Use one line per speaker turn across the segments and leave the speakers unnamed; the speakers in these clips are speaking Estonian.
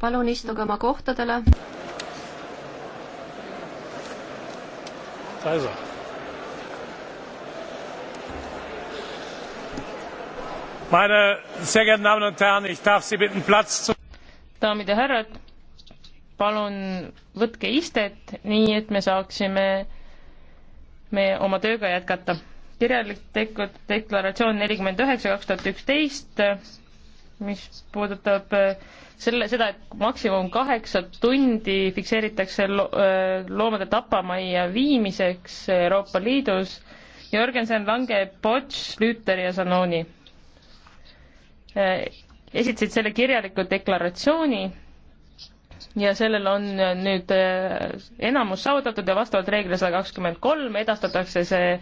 palun istuge oma kohtadele. Er. meine sehr geehrten damen und herren ich darf sie bitten platz zu daamid ja härrad palun võtke istet nii et me saaksime me oma tööga jätkata kirjalik deklaratsioon nelikümmend üheksa kaks tuhat üksteist, mis puudutab äh, selle, seda, et maksimum kaheksa tundi fikseeritakse lo äh, loomade tapamajja viimiseks Euroopa Liidus. Jörgensen, Lange, Potš, Lüüter ja Zanoni äh, esitasid selle kirjaliku deklaratsiooni ja sellel on nüüd enamus saavutatud ja vastavalt reeglile sada kakskümmend kolm edastatakse see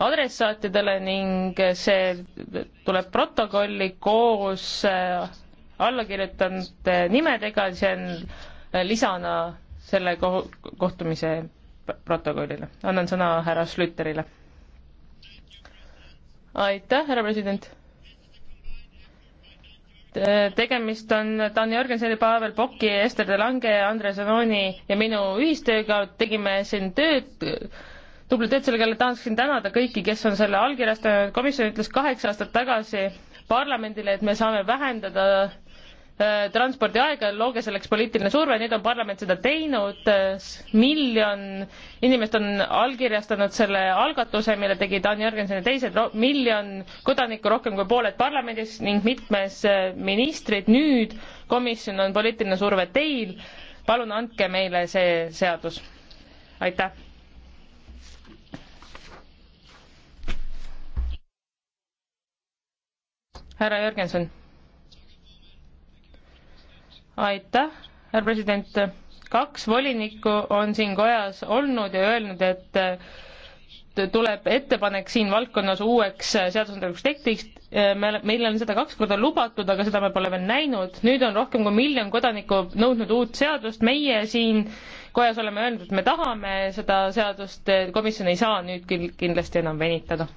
adressaatidele ning see tuleb protokolli koos äh, allakirjutanute nimedega, see on äh, lisana selle ko kohtumise protokollile. annan sõna härra Schlüterile. aitäh, härra president. tegemist on Dan Jörgenseni, Pavel Poki, Ester De Lange, Andres Anoni ja minu ühistööga, tegime siin tööd tublid teed selle, kelle tahaksin tänada kõiki, kes on selle allkirjastanud. komisjon ütles kaheksa aastat tagasi parlamendile, et me saame vähendada äh, transpordiaega, looge selleks poliitiline surve, nüüd on parlament seda teinud, miljon inimest on allkirjastanud selle algatuse, mille tegi Dan Jörgensen ja teised, miljon kodanikku, rohkem kui pooled parlamendis ning mitmes äh, ministrid, nüüd komisjon on poliitiline surve teil, palun andke meile see seadus. aitäh! härra Jürgenson. aitäh, härra president. kaks volinikku on siin kojas olnud ja öelnud, et nüüd tuleb ettepanek siin valdkonnas uueks seadusandlikuks tekstiks, me, meil on seda kaks korda lubatud, aga seda me pole veel näinud, nüüd on rohkem kui miljon kodanikku nõudnud uut seadust, meie siin kojas oleme öelnud, et me tahame seda seadust, komisjon ei saa nüüd küll kindlasti enam venitada.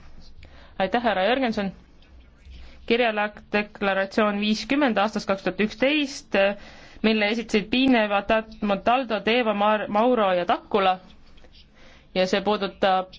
aitäh, härra Jürgenson! kirjalik deklaratsioon viiskümmend aastast kaks tuhat üksteist, mille esitasid Piine, Vatat, Montaldo, Teeva, Mauro ja Takula ja see puudutab